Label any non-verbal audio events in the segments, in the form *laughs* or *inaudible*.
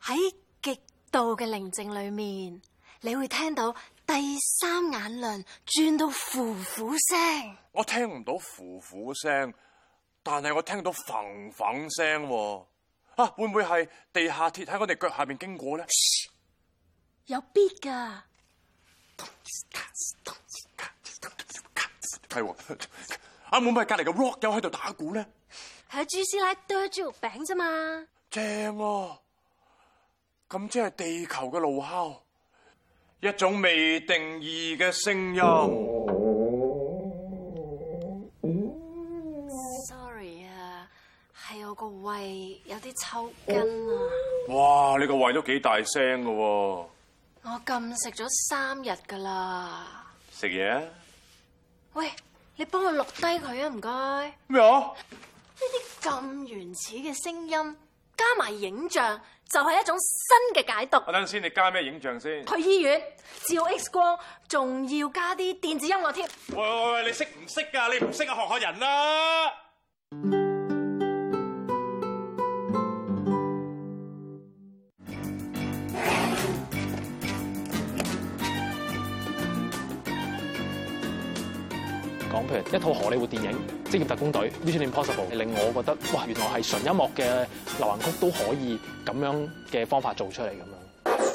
喺極度嘅寧靜裏面，你會聽到第三眼輪轉到呼呼聲。我聽唔到呼呼聲，但係我聽到嘭嘭聲。啊，會唔會係地下鐵喺我哋腳下面經過咧？有必噶。係喎，會唔係隔籬嘅 rock 友喺度打鼓咧？喺朱師奶堆豬肉餅啫嘛。正咯，咁即係地球嘅怒吼，一種未定義嘅聲音。Sorry 啊，係我個胃有啲抽筋啊。哇，你個胃都幾大聲噶？我禁食咗三日噶啦。食嘢？喂，你幫我錄低佢啊，唔該。咩啊？呢啲咁原始嘅聲音。加埋影像就係一種新嘅解讀。等陣先，你加咩影像先？去醫院照 X 光，仲要加啲電子音樂添。喂喂喂，你識唔識㗎？你唔識啊，學下人啦。一套荷里活電影《職業特工隊》（Mission *noise* Impossible） 令我覺得，哇，原來係純音樂嘅流行曲都可以咁樣嘅方法做出嚟咁樣。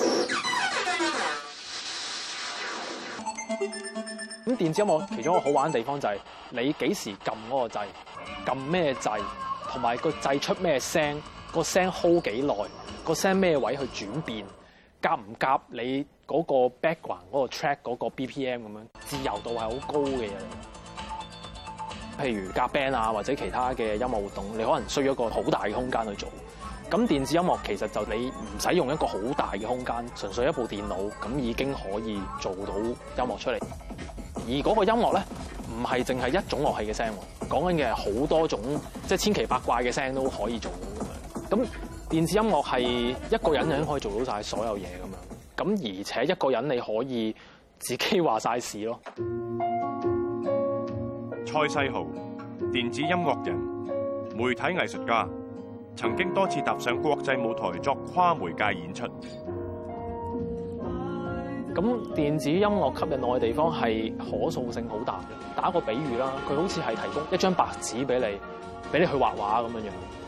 咁電子音樂其中一個好玩嘅地方就係、是、你幾時撳嗰個掣，撳咩掣，同埋個掣出咩聲，個聲 hold 幾耐，個聲咩位去轉變，夾唔夾你嗰個 background 嗰、嗰個 track 嗰個 BPM 咁樣，自由度係好高嘅嘢嚟。譬如夾 band 啊，或者其他嘅音樂活動，你可能需要一個好大嘅空間去做。咁電子音樂其實就你唔使用一個好大嘅空間，純粹一部電腦咁已經可以做到音樂出嚟。而嗰個音樂咧，唔係淨係一種樂器嘅聲，講緊嘅係好多種，即係千奇百怪嘅聲都可以做到咁樣。咁電子音樂係一個人已經可以做到晒所有嘢咁樣。咁而且一個人你可以自己話晒事咯。蔡世豪，電子音樂人、媒體藝術家，曾經多次踏上國際舞台作跨媒介演出。咁電子音樂吸引我嘅地方係可塑性好大嘅，打個比喻啦，佢好似係提供一張白紙俾你，俾你去畫畫咁樣。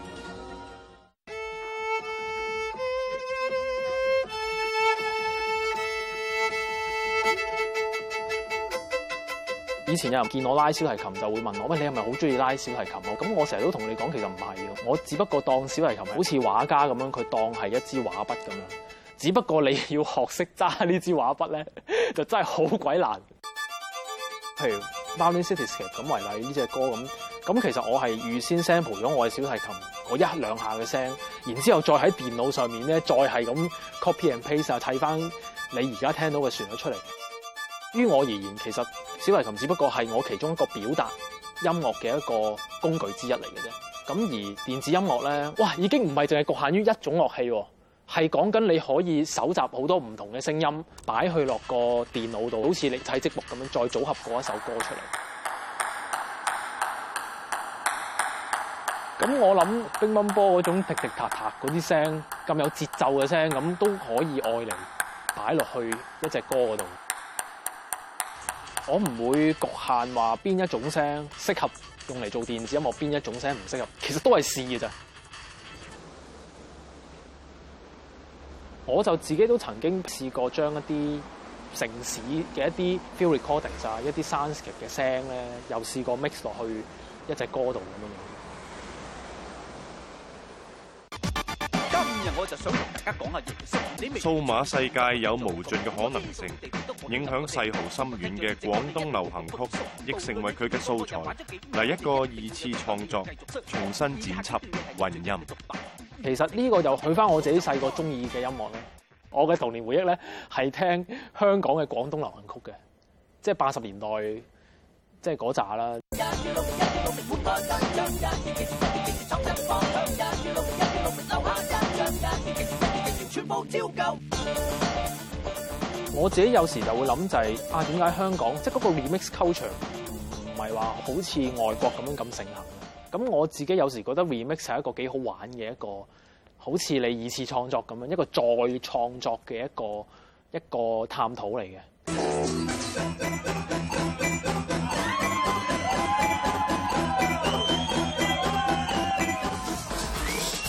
以前有人見我拉小提琴，就會問我：喂，你係咪好中意拉小提琴啊？咁我成日都同你講，其實唔係咯。我只不過當小提琴好似畫家咁樣，佢當係一支畫筆咁樣。只不過你要學識揸呢支畫筆咧，就真係好鬼難。譬如《Morning Cityscape》咁為例呢隻歌咁，咁其實我係預先 sample 咗我嘅小提琴，我一兩下嘅聲，然之後再喺電腦上面咧，再係咁 copy and paste 啊，睇翻你而家聽到嘅旋律出嚟。於我而言，其實。小提琴只不過係我其中一個表達音樂嘅一個工具之一嚟嘅啫。咁而電子音樂咧，哇，已經唔係淨係局限於一種樂器喎，啊，係講緊你可以搜集好多唔同嘅聲音，擺去落個電腦度，好似你砌積木咁樣，再組合過一首歌出嚟。咁我諗乒乓波嗰種滴滴嗒嗒嗰啲聲，咁有節奏嘅聲，咁都可以愛嚟擺落去一隻歌嗰度。我唔會局限話邊一種聲適合用嚟做電子音樂，邊一種聲唔適合，其實都係試嘅咋。 *music* 我就自己都曾經試過將一啲城市嘅一啲 field recordings 啊，一啲 soundscape 嘅聲咧，又試過 mix 落去一隻歌度咁樣。我就想同大家講下，數碼世界有無盡嘅可能性，影響世豪深遠嘅廣東流行曲，亦成為佢嘅素材。嚟一個二次創作，重新剪輯混音。其實呢個又取翻我自己細個中意嘅音樂啦。我嘅童年回憶咧，係聽香港嘅廣東流行曲嘅，即係八十年代，即係嗰扎啦。 *music* 我自己有時就會諗就係、是、啊，點解香港即係嗰個 remix culture 唔係話好似外國咁樣咁盛行？咁我自己有時覺得 remix 係一個幾好玩嘅一個，好似你二次創作咁樣，一個再創作嘅一個一個探討嚟嘅。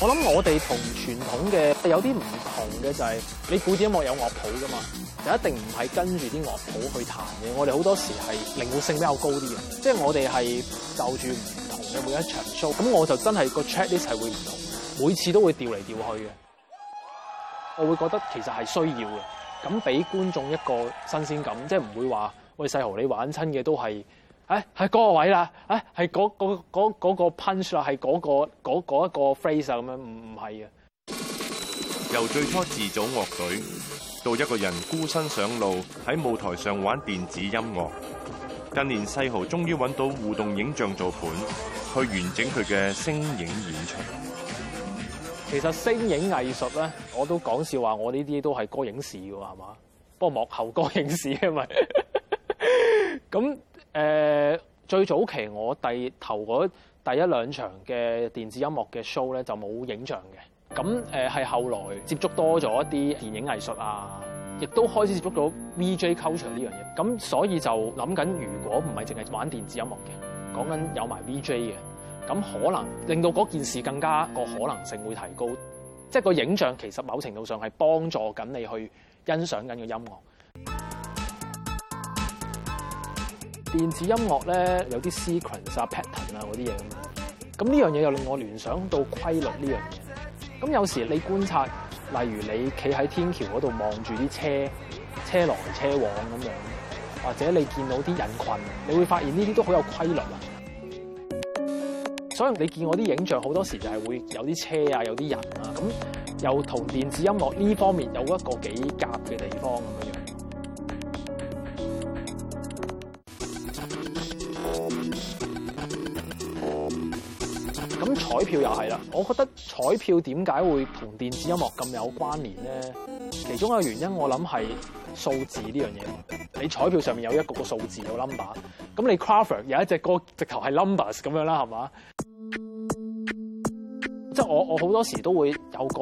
我諗我哋同傳統嘅有啲唔同嘅就係，你古典音樂有樂譜噶嘛，就一定唔係跟住啲樂譜去彈嘅。我哋好多時係靈活性比較高啲嘅，即係我哋係就住唔同嘅每一場 show，咁我就真係個 check list 係會唔同，每次都會調嚟調去嘅。我會覺得其實係需要嘅，咁俾觀眾一個新鮮感，即係唔會話，喂細豪你玩親嘅都係。哎，係嗰、啊、個位啦、啊！哎、啊，係嗰、嗰個嗰嗰、嗰個 punch 啦、啊，係嗰、嗰個嗰嗰一個 phrase 啊，咁樣唔唔係啊！由最初自組樂隊，到一個人孤身上路，喺舞台上玩電子音樂。近年世豪終於揾到互動影像做盤，去完整佢嘅聲影演出。其實聲影藝術咧，我都講笑話，我呢啲都係歌影視㗎嘛，不過幕後歌影視係咪？咁。 *laughs* 咁誒、呃、最早期我第頭嗰第一兩場嘅電子音樂嘅 show 咧就冇影像嘅，咁誒係後來接觸多咗一啲電影藝術啊，亦都開始接觸到 VJ culture 呢樣嘢，咁所以就諗緊如果唔係淨係玩電子音樂嘅，講緊有埋 VJ 嘅，咁可能令到嗰件事更加個可能性會提高，即係個影像其實某程度上係幫助緊你去欣賞緊個音樂。電子音樂咧有啲 sequence 啊 pattern 啊嗰啲嘢咁，咁呢樣嘢又令我聯想到規律呢樣嘢。咁有時你觀察，例如你企喺天橋嗰度望住啲車車來車往咁樣，或者你見到啲人羣，你會發現呢啲都好有規律啊。所以你見我啲影像好多時就係會有啲車啊，有啲人啊，咁又同電子音樂呢方面有一個幾夾嘅地方咁樣。票又係啦，我覺得彩票點解會同電子音樂咁有關聯咧？其中一個原因我諗係數字呢樣嘢。你彩票上面有一個個數字個 number，咁你 Crawford 有一隻歌，一歌直頭係 numbers 咁樣啦，係嘛？ *music* 即係我我好多時都會有個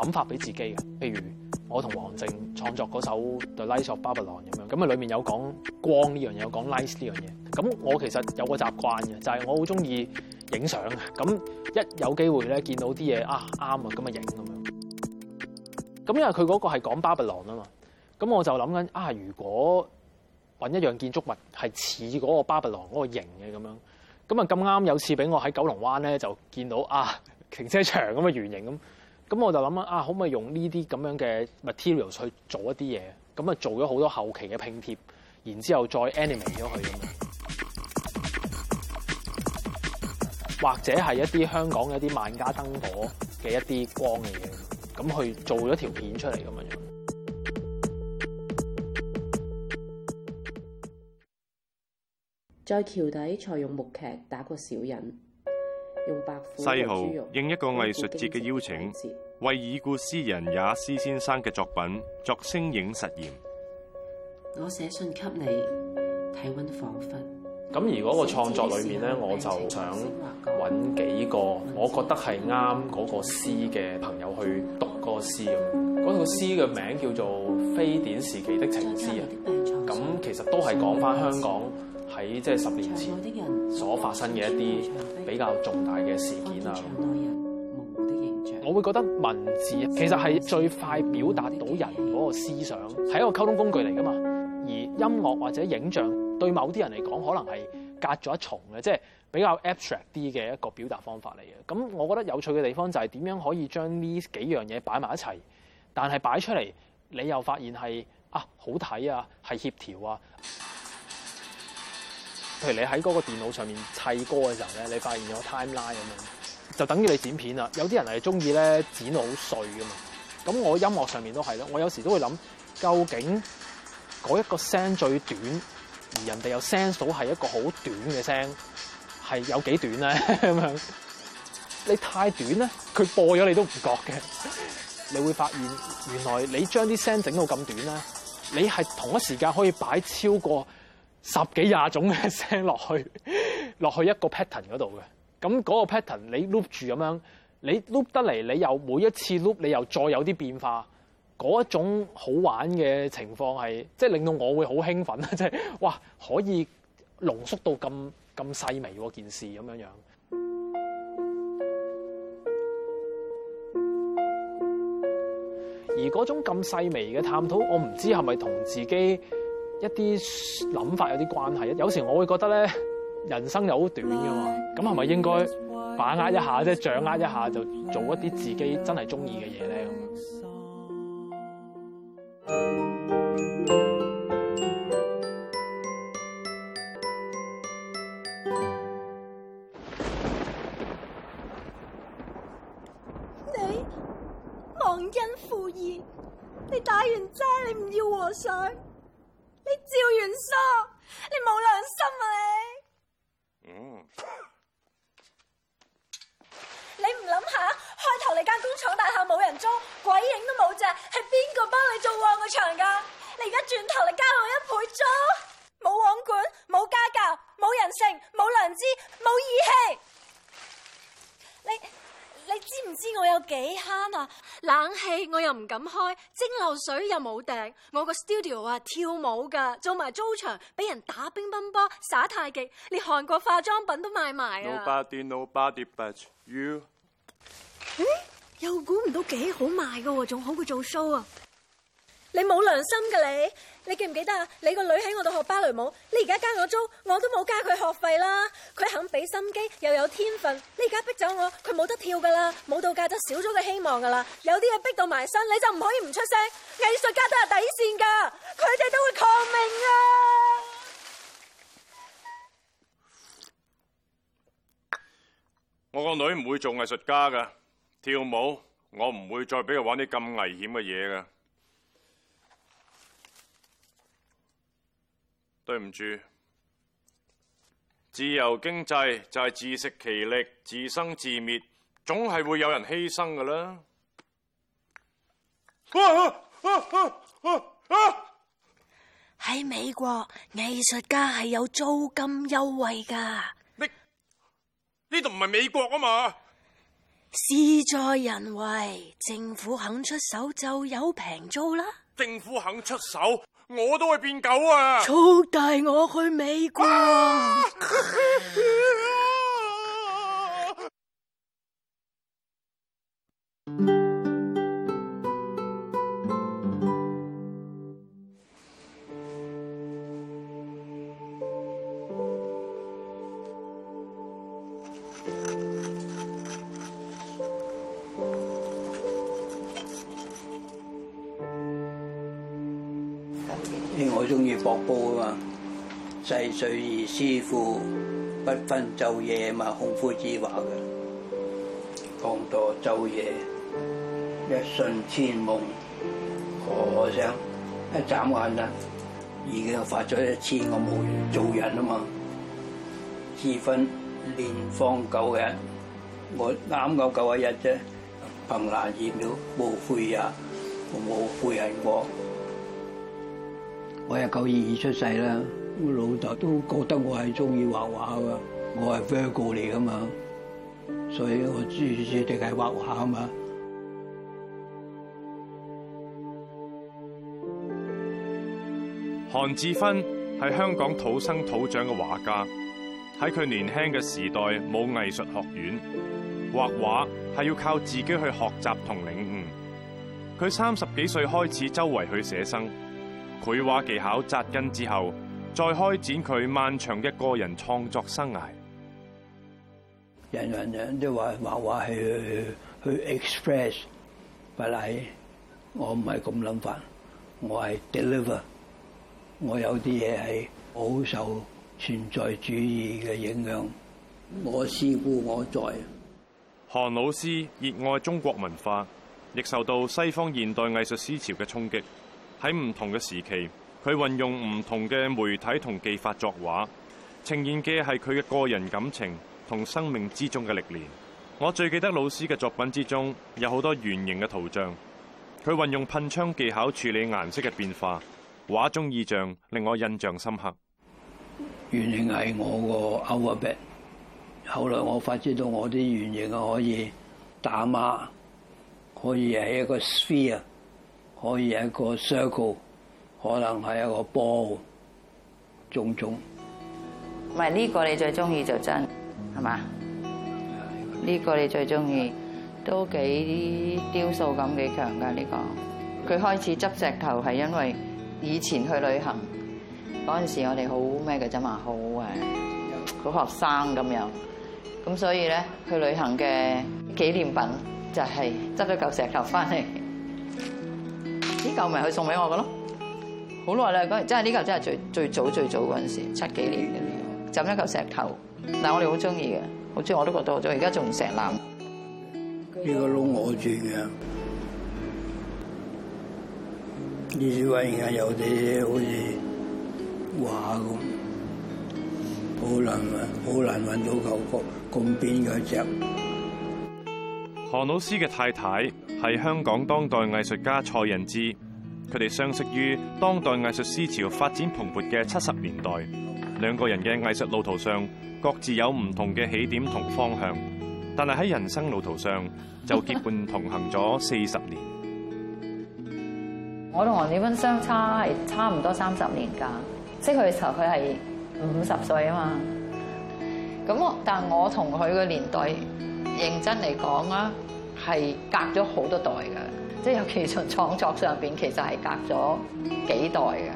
諗法俾自己嘅，譬如我同王靖創作嗰首 The Lights of Babylon 咁樣，咁啊裏面有講光呢樣嘢，有講 lights 呢樣嘢。咁我其實有個習慣嘅，就係我好中意影相嘅。咁一有機會咧，見到啲嘢啊啱啊，咁啊影咁樣咁，因為佢嗰個係講巴布朗啊嘛，咁我就諗緊啊。如果揾一樣建築物係似嗰個巴布朗嗰個形嘅咁樣咁啊，咁啱有次俾我喺九龍灣咧就見到啊停車場咁嘅圓形咁，咁我就諗緊啊，可唔可以用呢啲咁樣嘅 materials 去做一啲嘢？咁啊做咗好多後期嘅拼貼，然之後再 animate 咗佢。或者係一啲香港嘅一啲萬家燈火嘅一啲光嘅嘢，咁去做咗條片出嚟咁樣樣。在橋底，採用木劇打過小人，用白粉。世豪應一個藝術節嘅邀請，為已故詩人也斯先生嘅作品作聲影實驗。我寫信給你，體溫彷彿。咁而果個創作裏面咧，我就想揾幾個我覺得係啱嗰個詩嘅朋友去讀嗰個詩，咁嗰套詩嘅名叫做《非典時期的情詩》啊。咁其實都係講翻香港喺即係十年前所發生嘅一啲比較重大嘅事件啊。我會覺得文字其實係最快表達到人嗰個思想，係一個溝通工具嚟噶嘛。而音樂或者影像。對某啲人嚟講，可能係隔咗一重嘅，即係比較 abstract 啲嘅一個表達方法嚟嘅。咁我覺得有趣嘅地方就係點樣可以將呢幾樣嘢擺埋一齊，但係擺出嚟你又發現係啊好睇啊，係協調啊。譬如你喺嗰個電腦上面砌歌嘅時候咧，你發現咗 time line 咁樣，就等於你剪片啦。有啲人係中意咧剪到好碎噶嘛。咁我音樂上面都係咯，我有時都會諗究竟嗰一個聲最短。而人哋又 sense 到係一個好短嘅聲，係有幾短咧咁樣？ *laughs* 你太短咧，佢播咗你都唔覺嘅。 *laughs* 你會發現原來你將啲聲整到咁短咧，你係同一時間可以擺超過十幾廿種嘅聲落去，落去一個 pattern 嗰度嘅。咁嗰個 pattern 你 loop 住咁樣，你 loop 得嚟，你又每一次 loop 你又再有啲變化。嗰種好玩嘅情況係，即係令到我會好興奮啦！即係哇，可以濃縮到咁咁細微嗰件事咁樣樣。而嗰種咁細微嘅探討，我唔知係咪同自己一啲諗法有啲關係啊？有時我會覺得咧，人生又好短㗎嘛，咁係咪應該把握一下，即係掌握一下，就做一啲自己真係鍾意嘅嘢咧咁？轉頭嚟加我一倍租，冇網管，冇家教，冇人性，冇良知，冇義氣。你你知唔知我有幾慳啊？冷氣我又唔敢開，蒸餾水又冇訂。我個 studio 啊，跳舞噶，做埋租場，俾人打乒乓波、耍太極，連韓國化妝品都賣埋啊。Nobody, nobody but you。誒、嗯，又估唔到幾好賣噶，仲好過做 show 啊。你冇良心噶你！你記唔記得啊？你個女喺我度學芭蕾舞，你而家加我租，我都冇加佢學費啦。佢肯俾心機，又有天分，你而家逼走我，佢冇得跳噶啦，舞蹈界就少咗個希望噶啦。有啲嘢逼到埋身，你就唔可以唔出聲。藝術家都係底線噶，佢哋都會抗命啊！我個女唔會做藝術家噶，跳舞我唔會再俾佢玩啲咁危險嘅嘢噶。對唔住，自由經濟就係自食其力、自生自滅，總係會有人犧牲噶啦。喺美國，藝術家係有租金優惠噶。呢度唔係美國啊嘛。事在人為，政府肯出手就有平租啦。政府肯出手。我都會變狗啊！操帶我去美國，啊！ *laughs* 細歲而師傅不分晝夜嘛，孔夫之話嘅，講到晝夜一瞬千夢，和尚一眨眼啊，已經發咗一千個夢，做人啊嘛，自分年方九日，我啱夠九啊日啫，憑難意料，冇悔呀，我冇悔恨過，我一九二二出世啦。老豆都覺得我係中意畫畫噶，我係 Virgo 嚟噶嘛，所以我注注定係畫畫啊嘛。韓志勳係香港土生土長嘅畫家，喺佢年輕嘅時代冇藝術學院，畫畫係要靠自己去學習同領悟。佢三十幾歲開始周圍去寫生，繪畫技巧紮根之後。再開展佢漫長嘅個人創作生涯。人人人都話話話係去 express，但係我唔係咁諗法，我係 deliver。我有啲嘢係好受存在主義嘅影響，我思故我在。韓老師熱愛中國文化，亦受到西方現代藝術思潮嘅衝擊，喺唔同嘅時期。佢運用唔同嘅媒體同技法作畫，呈現嘅係佢嘅個人感情同生命之中嘅歷練。我最記得老師嘅作品之中有好多圓形嘅圖像，佢運用噴槍技巧處理顏色嘅變化，畫中意象令我印象深刻。圓形係我個 alphabet。後來我發覺到我啲圓形可以打馬，可以係一個 sphere，可以係一個 circle。可能係一個波種種，唔係呢個你最中意就是真係嘛？呢、呢個你最中意都幾雕塑感幾強㗎呢個。佢開始執石頭係因為以前去旅行嗰陣時我，我哋好咩嘅啫嘛，好誒，好學生咁樣。咁所以咧，去旅行嘅紀念品就係執咗嚿石頭翻嚟，呢嚿咪佢送俾我嘅咯。好耐啦，嗰陣真係呢球真係最最早最早嗰陣時，七幾年嘅呢啦，抌、這個、一嚿石頭，嗱我哋好中意嘅，好中意我都覺得，我而家仲唔成藍。呢個窿我住嘅，呢啲畫而家有啲好似畫咁，好難好難揾到局咁邊嗰隻。韓老師嘅太太係香港當代藝術家蔡仞姿。佢哋相識於當代藝術思潮發展蓬勃嘅七十年代，兩個人嘅藝術路途上各自有唔同嘅起點同方向，但係喺人生路途上就結伴同行咗四十年。 *laughs* 我同韓志勳相差係差唔多三十年噶，識佢嘅時候佢係五十歲啊嘛，咁我但係我同佢嘅年代認真嚟講啊，係隔咗好多代噶。即係尤其從創作上邊，其實係隔咗幾代嘅。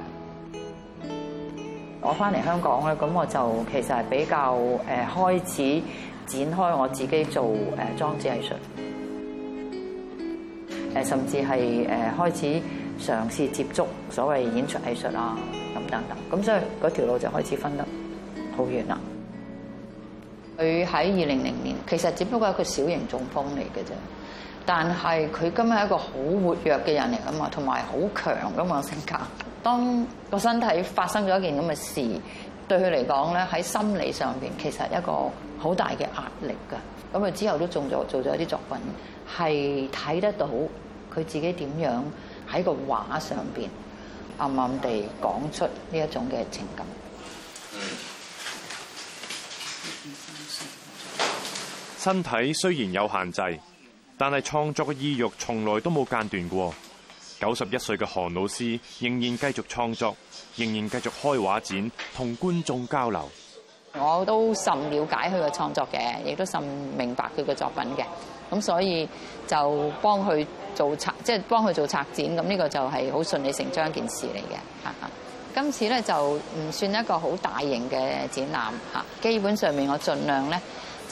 我翻嚟香港咧，咁我就其實係比較誒開始展開我自己做誒裝置藝術，誒甚至係誒開始嘗試接觸所謂演出藝術啊，咁等等。咁所以嗰條路就開始分得好遠啦。佢喺二零零年，其實只不過係一個小型中風嚟嘅啫。但係佢今日係一個好活躍嘅人嚟噶嘛，同埋好強噶嘛性格。當個身體發生咗一件咁嘅事，對佢嚟講咧，喺心理上邊其實是一個好大嘅壓力噶。咁佢之後都中咗做咗啲作品，係睇得到佢自己點樣喺個畫上邊暗暗地講出呢一種嘅情感。身體雖然有限制。但係創作嘅意欲從來都冇間斷過。九十一歲嘅韓老師仍然繼續創作，仍然繼續開畫展，同觀眾交流。我都甚了解佢嘅創作嘅，亦都甚明白佢嘅作品嘅。咁所以就幫佢做策，即係幫佢做策展。咁呢個就係好順理成章一件事嚟嘅。啊，今次咧就唔算一個好大型嘅展覽吓，基本上面我盡量咧。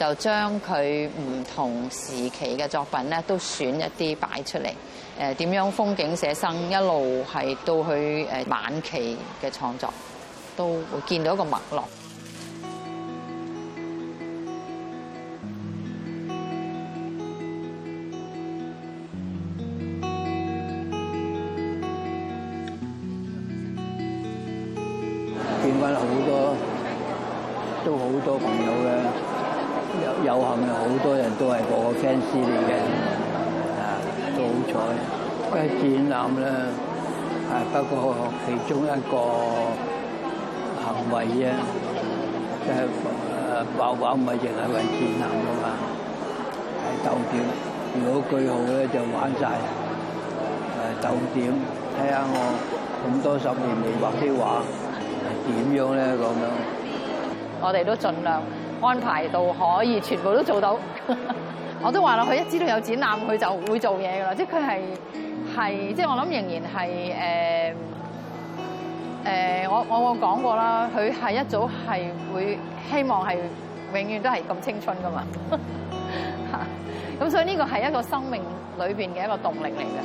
就將佢唔同時期嘅作品咧，都選一啲擺出嚟。誒，點樣風景寫生，一路係到佢誒晚期嘅創作，都會見到一個脈絡。係個 fans 嚟嘅，啊都好彩。關於展覽咧，啊不過其中一個行為啊，即係誒爆畫唔係淨係為展覽㗎嘛，係逗點。如果句號咧就玩曬，誒逗點睇下我咁多十年未畫啲畫係點樣咧咁樣。我哋都盡量安排到可以全部都做到。 *laughs* 我都話啦，佢一知道有展覽，佢就會做嘢噶啦，即係佢係係，即係我諗仍然係誒誒，我我我講過啦，佢係一早係會希望係永遠都係咁青春噶嘛，咁所以呢個係一個生命裏邊嘅一個動力嚟嘅。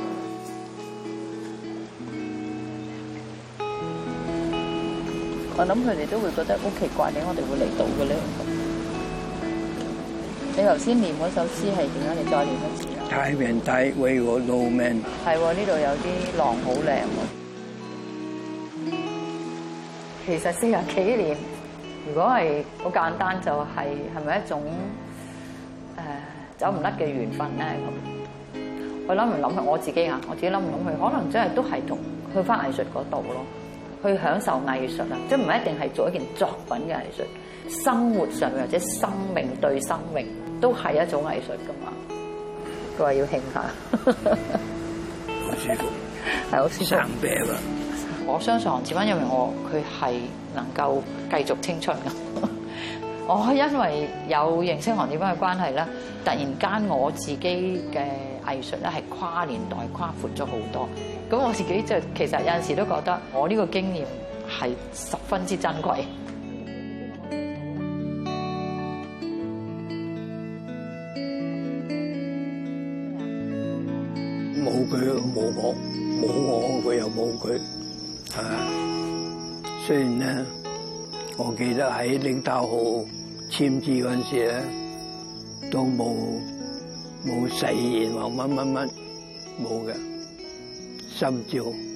我諗佢哋都會覺得好奇怪嘅，我哋會嚟到嘅咧。你頭先念嗰首詩係點樣？你再念一次啊！泰然泰為我勞命。係喎，呢度有啲狼好靚喎。其實四廿幾年，如果係好簡單，就是，就係係咪一種誒、呃、走唔甩嘅緣分咧？咁我諗唔諗去我自己啊？我自己諗唔諗去？可能真係都係同去返藝術嗰度咯，去享受藝術啊！即係唔係一定係做一件作品嘅藝術，生活上或者生命對生命。都係一種藝術噶嘛，佢話要慶下， *laughs* 好舒服。係，先生生病啦。我相信韓志勳，因為我佢係能夠繼續青春嘅。 *laughs* 我因為有認識韓志勳嘅關係咧，突然間我自己嘅藝術咧係跨年代、跨闊咗好多。咁我自己就其實有陣時都覺得我呢個經驗係十分之珍貴。佢啊，雖然咧，我記得喺領導號簽字陣時咧，都冇冇誓言話乜乜乜冇嘅，心照。